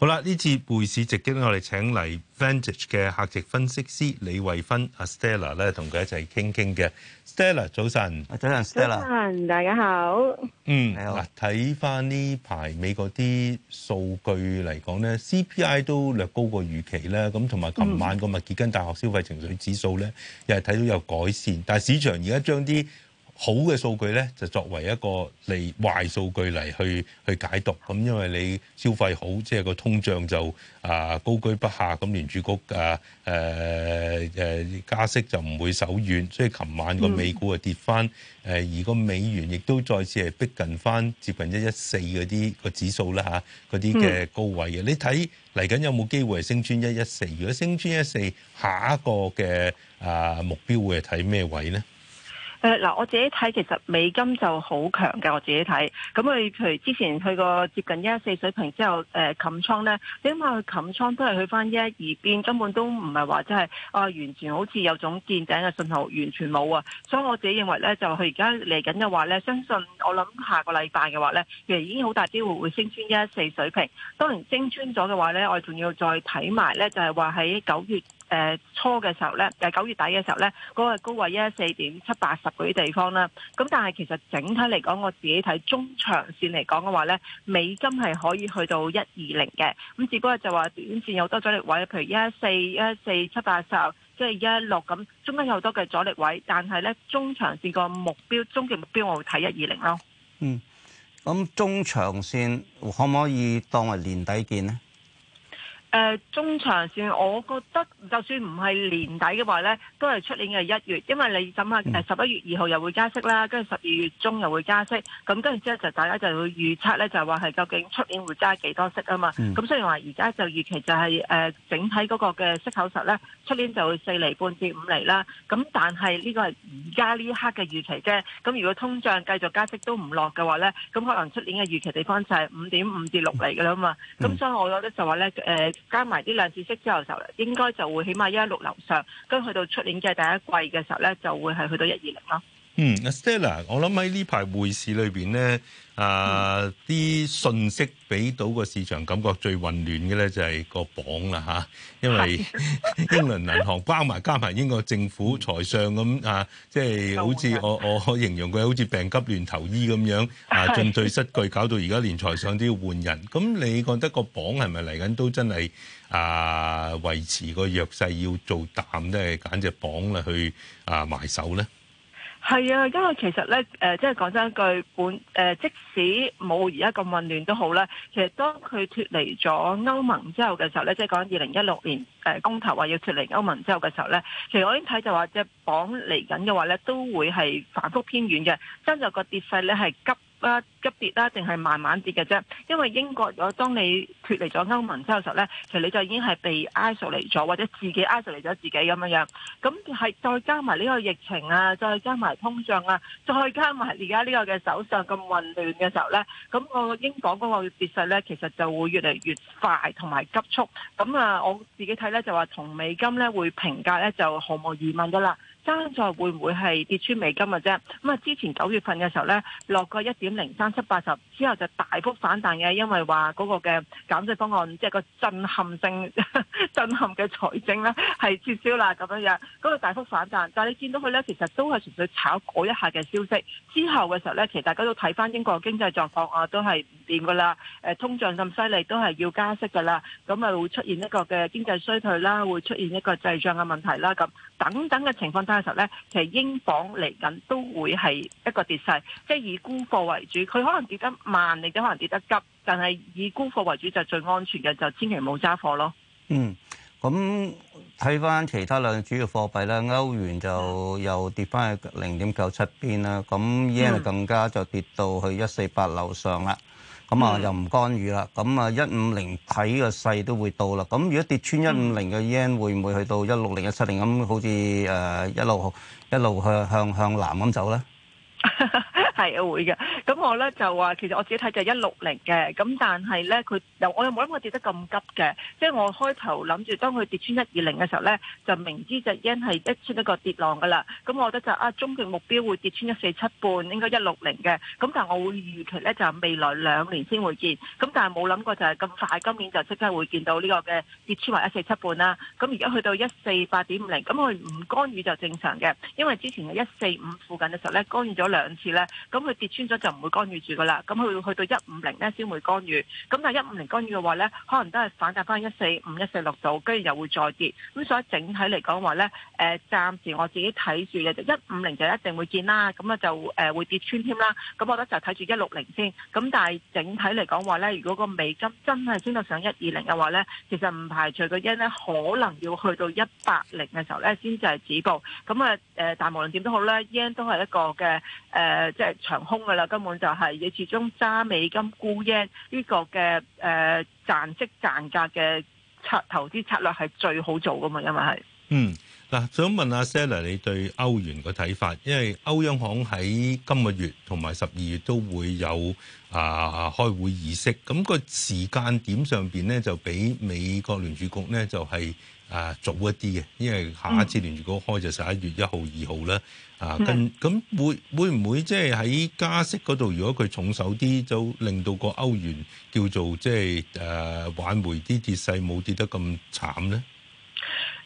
好啦，呢次匯市直擊咧，我哋請嚟 Vantage 嘅客席分析師李慧芬、阿 Stella 咧，同佢一齊傾傾嘅。Stella，早晨。早晨，Stella。早晨，大家好。嗯，嗱 Hello，睇翻呢排美國啲數據嚟講咧，CPI 都略高過預期啦。咁同埋，琴晚個密歇根大學消費情緒指數咧，嗯、又係睇到有改善。但係市場而家將啲好嘅數據咧，就作為一個嚟壞數據嚟去去解讀。咁因為你消費好，即係個通脹就啊、呃、高居不下。咁聯儲局啊誒誒加息就唔會手軟。所以琴晚個美股啊跌翻誒，嗯、而個美元亦都再次係逼近翻接近一一四嗰啲個指數啦嚇，嗰啲嘅高位嘅。嗯、你睇嚟緊有冇機會係升穿一一四？如果升穿一四，下一個嘅啊、呃、目標會係睇咩位咧？誒嗱、呃，我自己睇其實美金就好強嘅，我自己睇咁佢，譬如之前去過接近一四水平之後，誒、呃、冚倉咧，點解佢冚倉都係去翻一二邊，根本都唔係話即係啊，完全好似有種見頂嘅信號，完全冇啊！所以我自己認為咧，就佢而家嚟緊嘅話咧，相信我諗下個禮拜嘅話咧，其實已經好大機會會升穿一四水平。當然升穿咗嘅話咧，我仲要再睇埋咧，就係話喺九月。誒初嘅時候咧，誒九月底嘅時候咧，嗰、那個高位一一四點七八十嗰啲地方啦。咁但係其實整體嚟講，我自己睇中長線嚟講嘅話咧，美金係可以去到一二零嘅。咁只不過就話短線有多阻力位，譬如一一四、一一四七八十，即係一一六咁，中間有好多嘅阻力位。但係咧，中長線個目標，終極目標，我會睇一二零咯。嗯，咁中長線可唔可以當為年底見呢？誒、呃、中長線，我覺得就算唔係年底嘅話咧，都係出年嘅一月，因為你諗下，誒十一月二號又會加息啦，跟住十二月中又會加息，咁跟住之後就大家就會預測咧，就係話係究竟出年會加幾多息啊嘛。咁雖然話而家就預期就係、是、誒、呃、整體嗰個嘅息口實咧，出年就會四厘半至五厘啦。咁但係呢個係而家呢一刻嘅預期啫。咁如果通脹繼續加息都唔落嘅話咧，咁可能出年嘅預期地方就係五點五至六厘嘅啦嘛。咁所以我覺得就話咧誒。呃加埋啲兩次息之後，就應該就會起碼一一六樓上，跟去到出年嘅第一季嘅時候呢，就會係去到一二零咯。嗯，阿 Stella，我諗喺呢排匯市裏邊咧，啊啲、嗯、信息俾到個市場感覺最混亂嘅咧，就係個榜啦嚇、啊，因為是英倫銀行包埋加埋英國政府財相咁啊，即、就、係、是、好似我我形容佢好似病急亂投醫咁樣啊，是進退失據，搞到而家連財相都要換人。咁你覺得個榜係咪嚟緊都真係啊維持個弱勢要做淡咧，揀隻榜啦去啊埋手咧？係啊，因為其實咧，誒、呃，即係講真句，本誒、呃，即使冇而家咁混亂都好啦，其實當佢脫離咗歐盟之後嘅時候咧，即係講二零一六年誒、呃、公投話要脫離歐盟之後嘅時候咧，其實我已經睇就話即隻榜嚟緊嘅話咧，都會係反覆偏軟嘅，真就個跌勢咧係急。急跌啦，啊，定係慢慢跌嘅，啊、啫。因為英國如果當你脫離咗歐盟之後嘅時候咧，其實你就已經係被 isolate 咗，或者自己 isolate 咗自己咁樣樣。咁係再加埋呢個疫情啊，再加埋通脹啊，再加埋而家呢個嘅首相咁混亂嘅時候咧，咁我英鎊嗰個跌勢咧，其實就會越嚟越快同埋急速。咁啊，我自己睇咧就話同美金咧會平價咧就毫無疑問噶啦。爭在會唔會係跌穿美金嘅啫？咁啊，之前九月份嘅時候咧，落個一點零三七八十之後就大幅反彈嘅，因為話嗰個嘅減稅方案即係、就是、個震撼性呵呵震撼嘅財政呢，係撤銷啦咁樣樣，嗰、那個大幅反彈。但係你見到佢呢，其實都係純粹炒嗰一下嘅消息。之後嘅時候呢，其實大家都睇翻英國經濟狀況啊，都係唔掂噶啦。誒，通脹咁犀利都係要加息噶啦，咁啊會出現一個嘅經濟衰退啦，會出現一個滯脹嘅問題啦，咁等等嘅情況。但其實咧，其實英鎊嚟緊都會係一個跌勢，即係以沽貨為主。佢可能跌得慢，或者可能跌得急，但係以沽貨為主就最安全嘅，就千祈唔好揸貨咯。嗯，咁睇翻其他兩個主要貨幣啦，歐元就又跌翻去零點九七邊啦。咁日圓就更加就跌到去一四八樓上啦。嗯咁啊，嗯、又唔干預啦。咁啊，一五零睇個勢都會到啦。咁如果跌穿一五零嘅 yen，會唔會去到一六零、一七零咁？好似誒一路一路向向向南咁走咧？ 係會嘅，咁我咧就話，其實我自己睇就係一六零嘅，咁但係咧佢，我又冇諗過跌得咁急嘅，即係我開頭諗住，當佢跌穿一二零嘅時候咧，就明知就日圓係一出一個跌浪噶啦，咁我覺得就是、啊，終極目標會跌穿一四七半，應該一六零嘅，咁但係我會預期咧就係、未來兩年先會見，咁但係冇諗過就係咁快，今年就即刻會見到呢個嘅跌穿埋一四七半啦，咁而家去到一四八點五零，咁佢唔干預就正常嘅，因為之前嘅一四五附近嘅時候咧干預咗兩次咧。咁佢跌穿咗就唔會干預住噶啦，咁佢會去到一五零咧先會干預，咁但係一五零干預嘅話咧，可能都係反彈翻一四五、一四六度，跟住又會再跌。咁所以整體嚟講話咧，誒、呃、暫時我自己睇住就一五零就一定會見啦，咁啊就誒會跌穿添啦。咁我覺得就睇住一六零先。咁但係整體嚟講話咧，如果個美金真係升到上一二零嘅話咧，其實唔排除個 yen 咧可能要去到一八零嘅時候咧先至係止步。咁啊誒，但係無論點都好咧，yen 都係一個嘅即、呃就係長空噶啦，根本就係你始終揸美金沽 yen 呢個嘅誒賺息賺價嘅策投資策略係最好做噶嘛，因為係嗯嗱，想問阿 Sally 你對歐元個睇法，因為歐央行喺今個月同埋十二月都會有啊開會儀式，咁個時間點上邊呢，就比美國聯儲局呢就係啊早一啲嘅，因為下一次聯儲局開就十一月一號二號啦。啊，跟咁會會唔會即係喺加息嗰度，如果佢重手啲，就令到個歐元叫做即係誒挽回啲跌勢，冇跌得咁慘呢。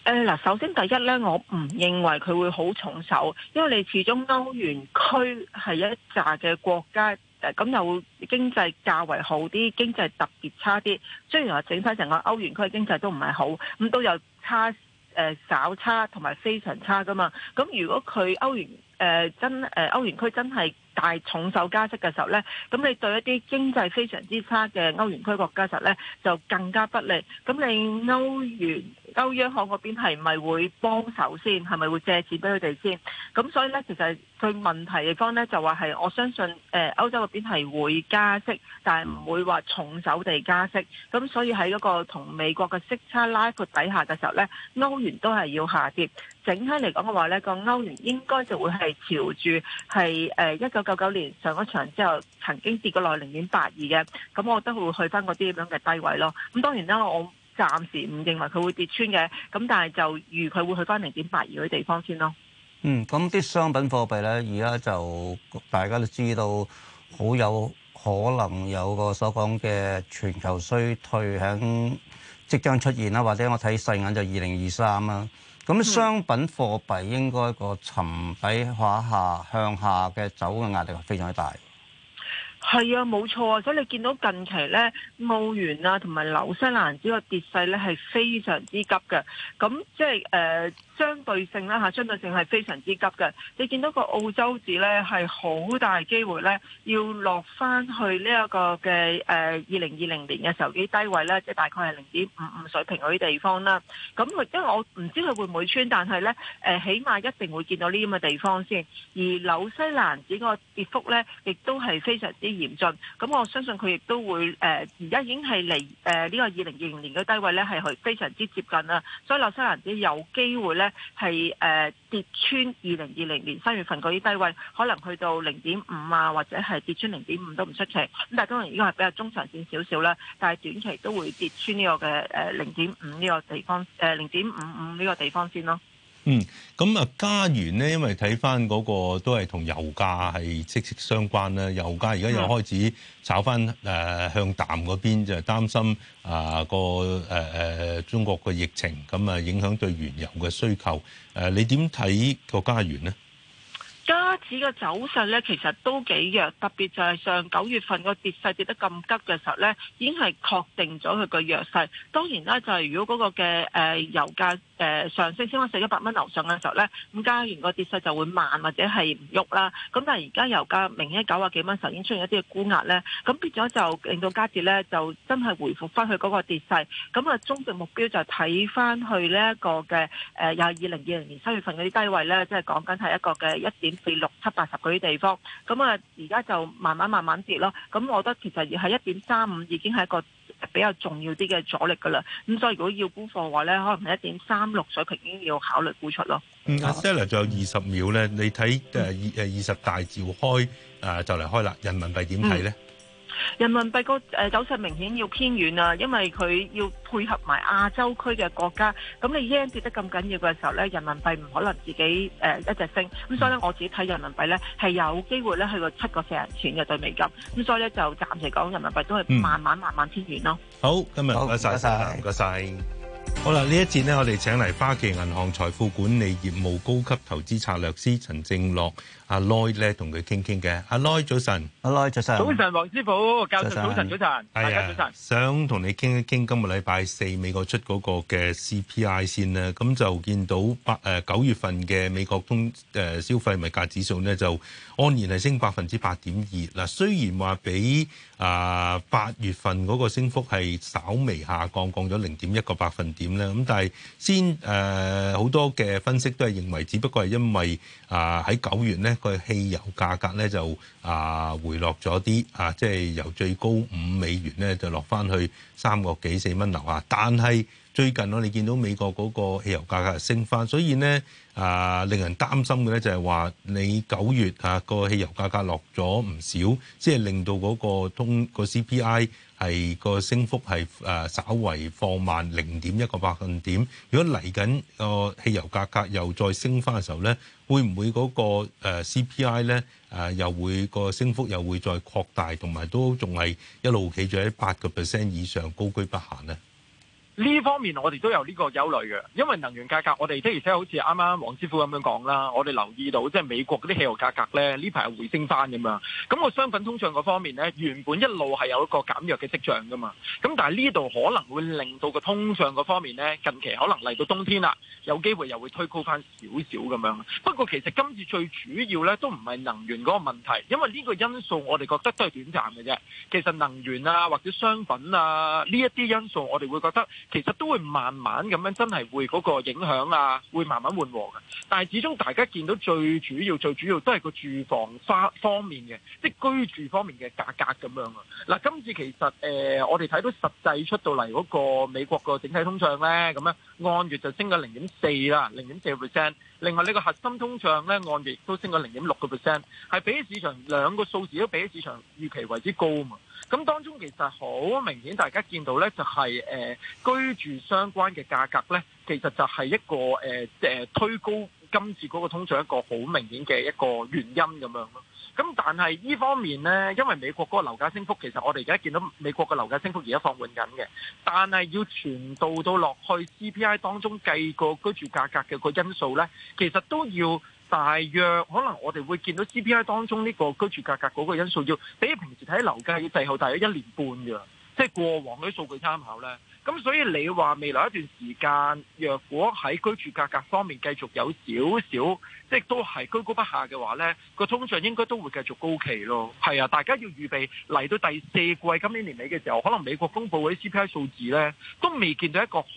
誒嗱，首先第一呢，我唔認為佢會好重手，因為你始終歐元區係一紮嘅國家。誒咁有經濟較為好啲，經濟特別差啲。雖然話整體成個歐元區經濟都唔係好，咁都有差。誒稍、呃、差同埋非常差噶嘛，咁如果佢歐元誒、呃、真誒歐、呃、元區真係大重手加息嘅時候呢，咁你對一啲經濟非常之差嘅歐元區國家時候呢，就更加不利，咁你歐元。歐央行嗰邊係咪會幫手先？係咪會借錢俾佢哋先？咁所以呢，其實佢問題地方呢，就話係，我相信誒、呃、歐洲嗰邊係會加息，但係唔會話重手地加息。咁所以喺嗰個同美國嘅息差拉闊底下嘅時候呢，歐元都係要下跌。整體嚟講嘅話呢，個歐元應該就會係朝住係誒一九九九年上咗場之後曾經跌過落零點八二嘅，咁我覺得會去翻嗰啲咁樣嘅低位咯。咁當然啦，我。暫時唔認為佢會跌穿嘅，咁但係就預佢會去翻零點八二嗰啲地方先咯。嗯，咁啲商品貨幣咧，而家就大家都知道好有可能有個所講嘅全球衰退喺即將出現啦，或者我睇細眼就二零二三啦。咁商品貨幣應該個沉底下下向下嘅走嘅壓力係非常之大。係啊，冇錯啊，所以你見到近期咧，澳元啊同埋紐西蘭紙個跌勢咧，係非常之急嘅，咁即係誒。呃相對性啦吓，相對性係非常之急嘅。你見到個澳洲指呢，係好大機會呢，要落翻去呢、這、一個嘅誒二零二零年嘅時候啲低位呢，即、就、係、是、大概係零點五五水平嗰啲地方啦。咁因為我唔知佢會唔會穿，但係呢，誒、呃，起碼一定會見到呢咁嘅地方先。而紐西蘭指個跌幅呢，亦都係非常之嚴峻。咁我相信佢亦都會誒，而、呃、家已經係離誒呢個二零二零年嘅低位呢係非常之接近啦。所以紐西蘭指有機會呢。咧，係誒跌穿二零二零年三月份嗰啲低位，可能去到零點五啊，或者係跌穿零點五都唔出奇。咁但係當然呢個係比較中長線少少啦，但係短期都會跌穿呢個嘅誒零點五呢個地方誒零點五五呢個地方先咯。嗯，咁啊，加元咧，因為睇翻嗰個都係同油價係息息相關啦。油價而家又開始炒翻誒、呃、向淡嗰邊，就係擔心啊個誒誒中國嘅疫情咁啊影響對原油嘅需求。誒、呃，你點睇個加元咧？市嘅走勢咧，其實都幾弱，特別就係上九月份個跌勢跌得咁急嘅時候咧，已經係確定咗佢個弱勢。當然啦，就係、是、如果嗰個嘅誒油價誒、呃、上升，上升翻四一百蚊樓上嘅時候咧，咁加完個跌勢就會慢或者係唔喐啦。咁但係而家油價明顯九十幾蚊，首先出現一啲嘅沽壓咧，咁變咗就令到加跌咧，就真係回覆翻去嗰個跌勢。咁啊，終極目標就睇翻去呢一個嘅誒，又係二零二零年七月份嗰啲低位咧，即係講緊係一個嘅一點四六。七八十嗰啲地方，咁啊而家就慢慢慢慢跌咯。咁我覺得其實而係一點三五已經係一個比較重要啲嘅阻力㗎啦。咁所以如果要沽貨嘅話咧，可能係一點三六水平已經要考慮沽出咯。阿 Stella，仲有二十秒咧，你睇誒二誒二十大召開誒、啊、就嚟開啦，人民幣點睇咧？嗯人民幣個誒走勢明顯要偏軟啦，因為佢要配合埋亞洲區嘅國家，咁你已 e 跌得咁緊要嘅時候咧，人民幣唔可能自己誒、呃、一齊升，咁所以咧，我自己睇人民幣咧係有機會咧去個七個四人前嘅兌美金，咁所以咧就暫時講人民幣都係慢慢、嗯、慢慢偏軟咯。好，今日好，該晒，唔該晒。謝謝好啦，呢一節呢我哋請嚟花旗銀行財富管理業務高級投資策略師陳正犖阿 Loy 咧，同佢傾傾嘅。阿 Loy 早晨，Hello 早晨，早晨黃師傅，早晨早晨早晨，大家早晨，想同你傾一傾今個禮拜四美國出嗰個嘅 CPI 先啊，咁就見到八誒九月份嘅美國通誒、呃、消費物價指數呢就安然係升百分之八點二。嗱，雖然話比。啊，八月份嗰個升幅係稍微下降，降咗零點一個百分點咧。咁但係先誒，好多嘅分析都係認為，只不過係因為啊喺九月咧個汽油價格咧就啊回落咗啲啊，即係由最高五美元咧就落翻去。三個幾四蚊樓下，但係最近我哋見到美國嗰個汽油價格升翻，所以咧啊，令人擔心嘅咧就係話你九月啊，個汽油價格落咗唔少，即係令到嗰個通個 CPI。那 CP 係、個升幅係誒、啊、稍為放慢零點一個百分點。如果嚟緊、個汽油價格又再升翻嘅時候咧，會唔會嗰、個、呃、CPI 咧誒、啊、又會、個升幅又會再擴大，同埋都仲係一路企住喺八個 percent 以上高居不下咧？呢方面我哋都有呢個憂慮嘅，因為能源價格，我哋的而且好似啱啱黃師傅咁樣講啦，我哋留意到即係、就是、美國啲汽油價格呢，呢排回升翻咁樣。咁、那個商品通脹嗰方面呢，原本一路係有一個減弱嘅跡象噶嘛。咁但係呢度可能會令到個通脹嗰方面呢，近期可能嚟到冬天啦，有機會又會推高翻少少咁樣。不過其實今次最主要呢，都唔係能源嗰個問題，因為呢個因素我哋覺得都係短暫嘅啫。其實能源啊或者商品啊呢一啲因素我哋會覺得。其實都會慢慢咁樣，真係會嗰個影響啊，會慢慢緩和嘅。但係始終大家見到最主要、最主要都係個住房方方面嘅，即係居住方面嘅價格咁樣啊。嗱，今次其實誒、呃，我哋睇到實際出到嚟嗰個美國個整體通脹咧，咁樣按月就升咗零點四啦，零點四個 percent。另外呢個核心通脹咧，按月都升咗零點六個 percent，係比起市場兩個數字都比起市場預期為之高啊嘛。咁當中其實好明顯，大家見到咧就係、是、誒、呃、居住相關嘅價格咧，其實就係一個誒、呃、推高今次嗰個通脹一個好明顯嘅一個原因咁樣咯。咁但係依方面咧，因為美國嗰個樓價升幅，其實我哋而家見到美國嘅樓價升幅而家放緩緊嘅，但係要傳導到落去 CPI 當中計個居住價格嘅個因素咧，其實都要。大約可能我哋會見到 CPI 當中呢個居住價格嗰個因素要，要比平時睇樓價要滯後大約一年半嘅，即係過往嗰啲數據參考呢。咁所以你話未來一段時間，若果喺居住價格方面繼續有少少，即係都係居高不下嘅話呢，個通脹應該都會繼續高企咯。係啊，大家要預備嚟到第四季今年年尾嘅時候，可能美國公布嗰啲 CPI 數字呢，都未見到一個好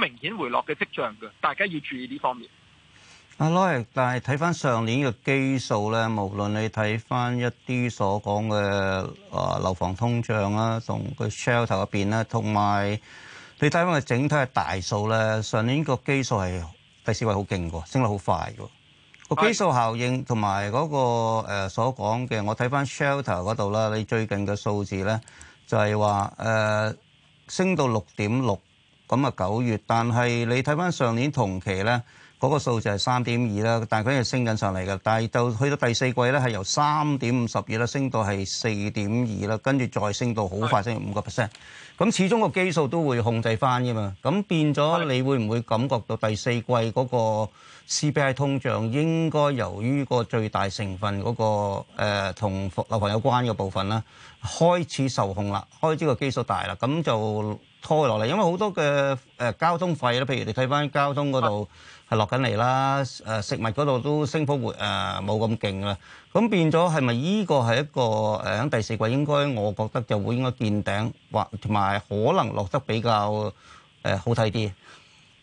明顯回落嘅跡象嘅，大家要注意呢方面。阿羅，但係睇翻上年個基數咧，無論你睇翻一啲所講嘅啊樓房通脹啦，同個 shelter 入邊啦，同埋你睇翻個整體嘅大數咧，上年個基數係第四位，好勁嘅，升得好快嘅個是基數效應，同埋嗰個所講嘅，我睇翻 shelter 嗰度啦，你最近嘅數字咧就係話誒升到六點六咁啊九月，但係你睇翻上年同期咧。嗰個數就係三點二啦，但佢係升緊上嚟嘅。但係到去到第四季咧，係由三點五十二啦，升到係四點二啦，跟住再升到好快升五個 percent。咁是的 始終個基數都會控制翻嘅嘛。咁變咗，你會唔會感覺到第四季嗰個 CPI 通脹應該由於個最大成分嗰、誒同樓房有關嘅部分啦，開始受控啦，開始個基數大啦，咁就。拖落嚟，因為好多嘅誒、呃、交通費啦，譬如你睇翻交通嗰度係落緊嚟啦，誒、呃、食物嗰度都升幅冇誒冇咁勁啦，咁、呃、變咗係咪依個係一個誒喺、呃、第四季應該我覺得就會應該見頂，或同埋可能落得比較誒、呃、好睇啲。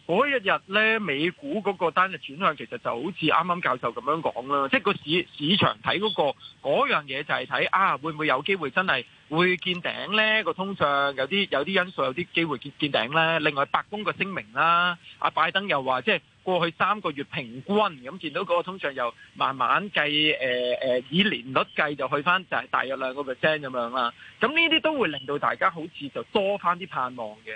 嗰一日咧，美股嗰個單日轉向，其實就好似啱啱教授咁樣講啦，即係個市市場睇嗰、嗰個嗰樣嘢就係睇啊，會唔會有機會真係會見頂咧？嗰個通脹有啲有啲因素，有啲機會見見頂咧。另外，白宮個聲明啦，阿、啊、拜登又話，即係過去三個月平均咁見到個通脹又慢慢計誒誒，以年率計就去翻就係大約兩個 percent 咁樣啦。咁呢啲都會令到大家好似就多翻啲盼望嘅。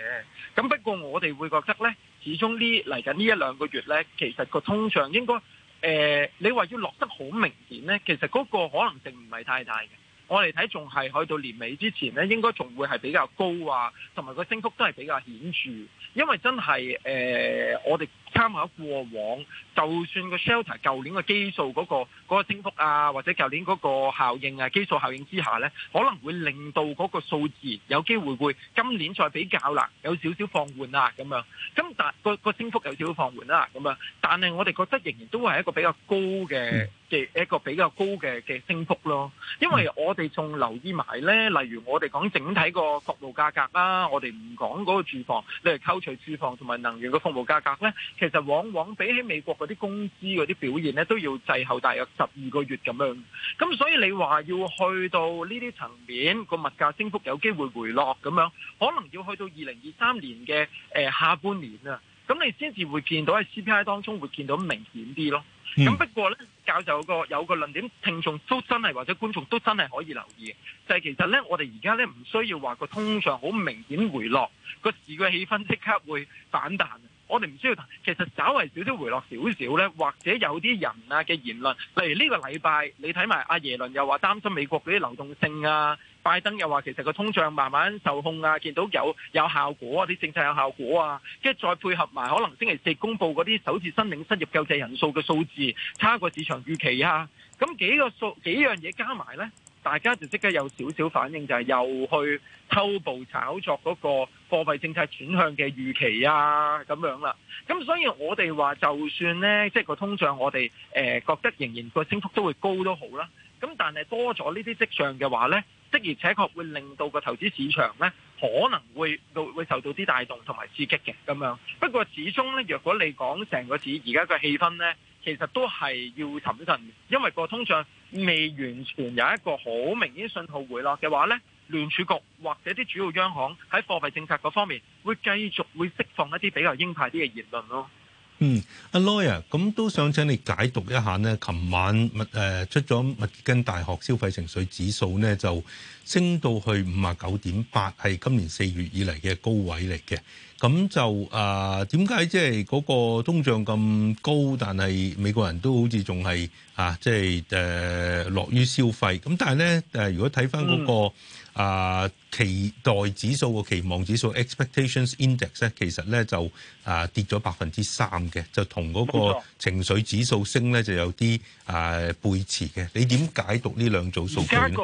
咁不過我哋會覺得咧。始終呢嚟緊呢一兩個月呢，其實個通脹應該，誒、呃，你話要落得好明顯呢，其實嗰個可能性唔係太大嘅。我嚟睇仲係去到年尾之前呢，應該仲會係比較高啊，同埋個升幅都係比較顯著，因為真係誒、呃，我哋。參考過往，就算個 shelter 舊年嘅基數嗰個升幅啊，或者舊年嗰個效應啊，基數效應之下咧，可能會令到嗰個數字有機會會今年再比較啦，有少少放緩啦咁樣。咁但個個升幅有少少放緩啦咁樣，但係我哋覺得仍然都會係一個比較高嘅嘅的一個比較高嘅嘅升幅咯。因為我哋仲留意埋咧，例如我哋講整體個服務價格啦，我哋唔講嗰個住房，你係扣除住房同埋能源嘅服務價格咧，其實往往比起美國嗰啲工資嗰啲表現咧，都要滯後大約十二個月咁樣。咁所以你話要去到呢啲層面，個物價升幅有機會回落咁樣，可能要去到二零二三年嘅誒下半年啊，咁你先至會見到喺 CPI 當中會見到明顯啲咯。咁不過咧，教授個有個論點，聽眾都真係或者觀眾都真係可以留意就係、是、其實咧，我哋而家咧唔需要話個通脹好明顯回落，個市嘅氣氛即刻會反彈。我哋唔需要，其實稍微少少回落少少呢，或者有啲人啊嘅言論，例如呢個禮拜你睇埋阿耶倫又話擔心美國嗰啲流動性啊，拜登又話其實個通脹慢慢受控啊，見到有有效果啊，啲政策有效果啊，跟住再配合埋可能星期四公佈嗰啲首次申領失業救濟人數嘅數字，差過市場預期啊，咁、嗯、幾個數幾樣嘢加埋呢，大家就即刻有少少反應，就係又去偷步炒作嗰個。貨幣政策轉向嘅預期啊，咁樣啦。咁所以我哋話，就算呢即係、就是、個通脹我，我哋誒覺得仍然個升幅都會高都好啦。咁但係多咗呢啲跡象嘅話呢，的而且確會令到個投資市場呢可能會會受到啲帶動同埋刺激嘅咁樣。不過始終呢，若果你講成個市而家嘅氣氛呢，其實都係要審慎，因為個通脹未完全有一個好明顯信號回落嘅話呢。聯儲局或者啲主要央行喺貨幣政策嗰方面，會繼續會釋放一啲比較鷹派啲嘅言論咯、啊。嗯，阿 Lawyer，咁都想請你解讀一下呢琴晚物誒、呃、出咗密歇根大學消費情緒指數呢，就升到去五啊九點八，係今年四月以嚟嘅高位嚟嘅。咁就啊，點解即係嗰個通脹咁高，但係美國人都好似仲係啊，即係誒樂於消費。咁但係咧誒，如果睇返嗰個、嗯啊，uh, 期待指數個期望指數 expectations index 咧，其實咧就啊跌咗百分之三嘅，就同嗰、uh, 個情緒指數升咧就有啲啊、uh, 背馳嘅。你點解讀兩數呢兩組數據？個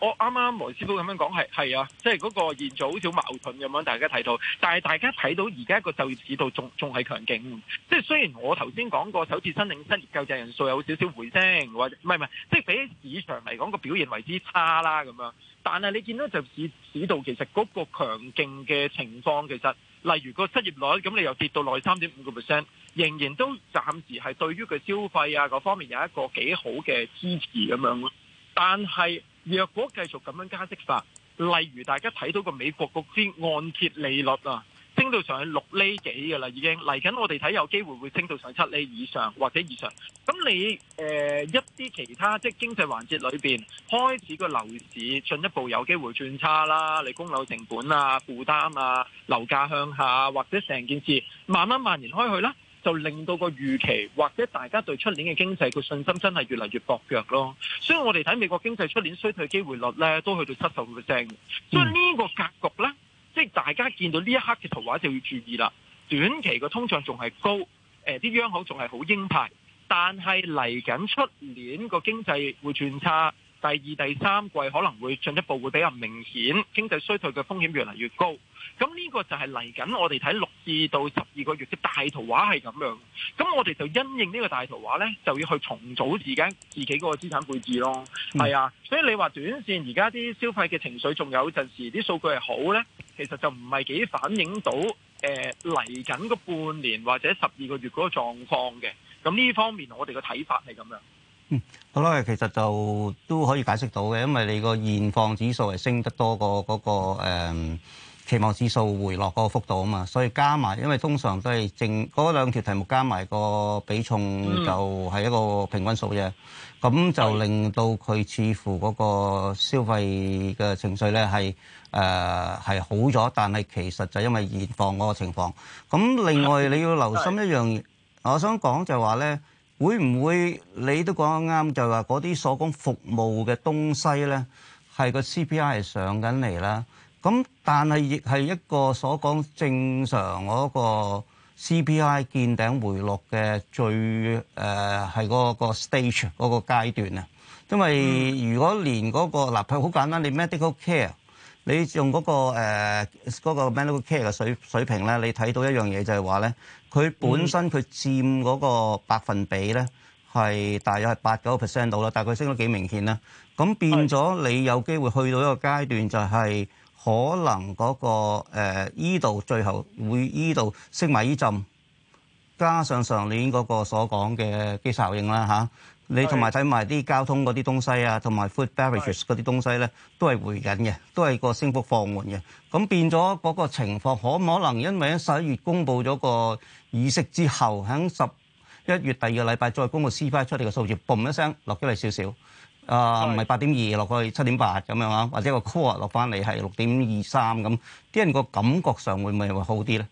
我啱啱黃師傅咁樣講係係啊，即係嗰個現在好少矛盾咁樣，大家睇到。但係大家睇到而家個就業指數仲仲係強勁，即係雖然我頭先講過首次申請新業救濟人數有少少回升，或者唔係唔係，即係比起市場嚟講個表現為之差啦咁樣。但係你見到就市市道其實嗰個強勁嘅情況，其實例如個失業率咁，你又跌到內三點五個 percent，仍然都暫時係對於佢消費啊嗰方面有一個幾好嘅支持咁樣咯。但係若果繼續咁樣加息法，例如大家睇到個美國嗰啲按揭利率啊，升到上去六厘幾嘅啦，已經嚟緊我哋睇有機會會升到上七厘以上或者以上。咁你誒、呃、一啲其他即係經濟環節裏面開始個樓市進一步有機會轉差啦，你供樓成本啊，負擔啊，樓價向下，或者成件事慢慢蔓延開去啦，就令到個預期或者大家對出年嘅經濟個信心真係越嚟越薄弱咯。所以我哋睇美國經濟出年衰退機會率咧都去到七十個 percent，所以呢個格局咧。即係大家見到呢一刻嘅圖畫就要注意啦。短期個通脹仲係高，啲、呃、央行仲係好鷹派，但係嚟緊出年個經濟會轉差，第二第三季可能會進一步會比較明顯，經濟衰退嘅風險越嚟越高。咁呢個就係嚟緊我哋睇六至到十二個月嘅大圖畫係咁樣。咁我哋就因應呢個大圖畫呢，就要去重組自己自己嗰個資產配置咯。係啊，所以你話短線而家啲消費嘅情緒仲有陣時啲數據係好呢。其實就唔係幾反映到誒嚟緊個半年或者十二個月嗰個狀況嘅。咁呢方面我們的看的，我哋嘅睇法係咁樣。嗯，好啦，其實就都可以解釋到嘅，因為你個現況指數係升得多過嗰、那個、嗯期望指數回落個幅度啊嘛，所以加埋，因為通常都係淨嗰兩條題目加埋個比重就係一個平均數啫，咁就令到佢似乎嗰個消費嘅情緒咧係誒係好咗，但係其實就因為現況個情況，咁另外你要留心一樣，我想講就係話咧，會唔會你都講得啱，就係話嗰啲所講服務嘅東西咧，係個 CPI 係上緊嚟啦。咁但係亦係一個所講正常嗰個 CPI 見頂回落嘅最誒係個個 stage 嗰個階段啊，因為如果連嗰、那個嗱佢好簡單，你 medical care 你用嗰、那個誒嗰、呃那個 medical care 嘅水水平咧，你睇到一樣嘢就係話咧，佢本身佢佔嗰個百分比咧係大約係八九個 percent 到啦，但係佢升咗幾明顯啦，咁變咗你有機會去到一個階段就係、是。可能嗰、那個誒依、呃、度最後會依度升埋依浸，加上上年嗰個所講嘅機械效應啦、啊、對你同埋睇埋啲交通嗰啲東西啊，同埋 food beverages 嗰啲東西咧，都係回緊嘅，都係個升幅放緩嘅。咁變咗嗰個情況，可唔可能因為喺十一月公布咗個議息之後，喺十一月第二個禮拜再公布 CPI 出嚟嘅數字，嘣一聲落咗嚟少少？啊，唔係八點二落去七點八咁樣啊，或者個 core 落翻嚟係六點二三咁，啲人個感覺上會唔會好啲咧？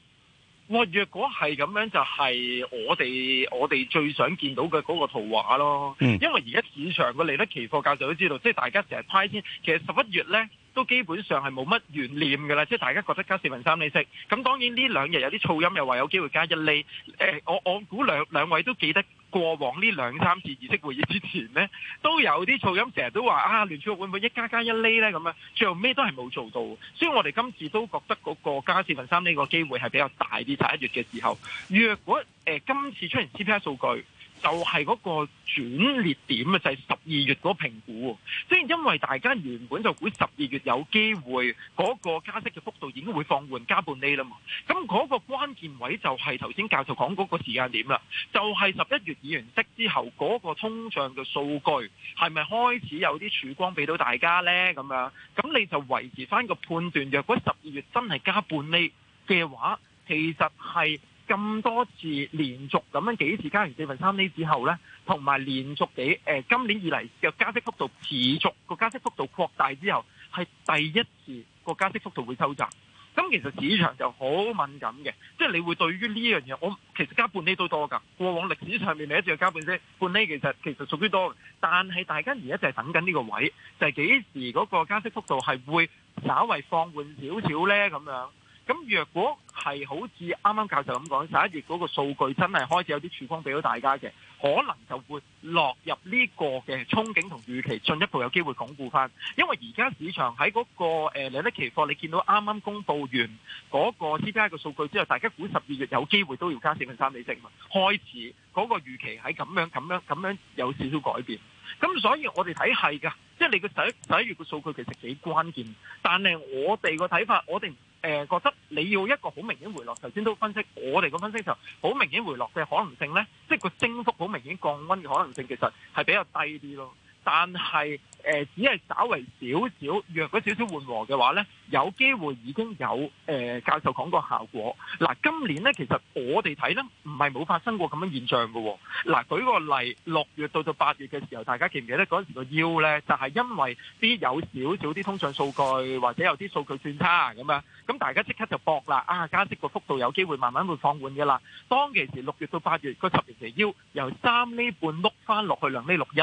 哇！若果係咁樣，就係、是、我哋我哋最想見到嘅嗰個圖畫咯。因為而家市場嘅利率期貨價就都知道，即、就、係、是、大家成日批先，其實十一月咧。都基本上係冇乜懸念嘅啦，即係大家覺得加四分三厘息，咁當然呢兩日有啲噪音又話有機會加一厘，誒、呃，我我估兩兩位都記得過往呢兩三次議息會議之前呢，都有啲噪音，成日都話啊，聯儲會會唔會一加加一厘呢？咁啊？最後咩都係冇做到，所以我哋今次都覺得嗰個加四分三呢個機會係比較大啲。十一月嘅時候，若果誒、呃、今次出現 CPI 數據。就係嗰個轉捩點啊，就係十二月嗰個評估，即係因為大家原本就估十二月有機會嗰個加息嘅幅度已經會放緩加半厘啦嘛，咁嗰個關鍵位就係頭先教授講嗰個時間點啦，就係十一月議完息之後嗰個通脹嘅數據係咪開始有啲曙光俾到大家呢？咁樣咁你就維持返個判斷，若果十二月真係加半厘嘅話，其實係。咁多次連續咁樣幾次加完四分三厘之後呢，同埋連續幾、呃、今年以嚟嘅加息幅度持續個加息幅度擴大之後，係第一次個加息幅度會收窄。咁其實市場就好敏感嘅，即係你會對於呢樣嘢，我、哦、其實加半厘都多㗎。過往歷史上面，你一直係加半厘半厘，其實其實屬於多嘅。但係大家而家就係等緊呢個位，就係、是、幾時嗰個加息幅度係會稍為放緩少少呢？咁樣。咁若果係好似啱啱教授咁講，十一月嗰個數據真係開始有啲曙光俾到大家嘅，可能就會落入呢個嘅憧憬同預期，進一步有機會鞏固翻。因為而家市場喺嗰個誒利率期貨，你見到啱啱公布完嗰個 CPI 嘅數據之後，大家估十二月有機會都要加四分三釐息嘛，開始嗰個預期喺咁樣咁樣咁樣有少少改變。咁所以我哋睇係㗎，即係你個十一十一月嘅數據其實幾關鍵，但係我哋個睇法，我哋。誒、呃、覺得你要一個好明顯回落，頭先都分析，我哋個分析就好明顯回落嘅可能性呢，即係個升幅好明顯降溫嘅可能性，其實係比較低啲咯。但係誒、呃，只係稍微少少弱，嗰少少緩和嘅話咧，有機會已經有誒、呃、教授講過效果。嗱，今年咧其實我哋睇咧，唔係冇發生過咁樣現象嘅。嗱，舉個例，六月到到八月嘅時候，大家記唔記得嗰陣時個腰咧，就係、是、因為啲有少少啲通脹數據，或者有啲數據轉差咁樣咁大家即刻就搏啦。啊，加息個幅度有機會慢慢會放緩嘅啦。當其時六月到八月，個十年期腰由三釐半碌翻落去兩釐六一。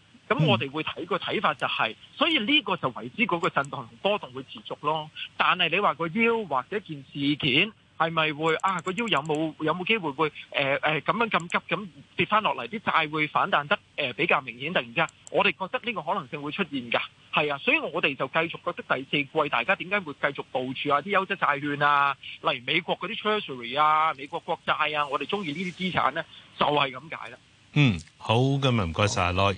咁、嗯、我哋會睇個睇法就係、是，所以呢個就維持嗰個震蕩同波動會持續咯。但係你話個腰或者件事件係咪會啊個腰有冇有冇機會會誒誒咁樣咁急咁跌翻落嚟，啲債會反彈得誒、呃、比較明顯，突然之間，我哋覺得呢個可能性會出現噶，係啊。所以我哋就繼續覺得第四季大家點解會繼續部署啊啲優質債券啊，例如美國嗰啲 Treasury 啊、美國國債啊，我哋中意呢啲資產咧，就係咁解啦。嗯，好咁啊，唔該晒阿犖。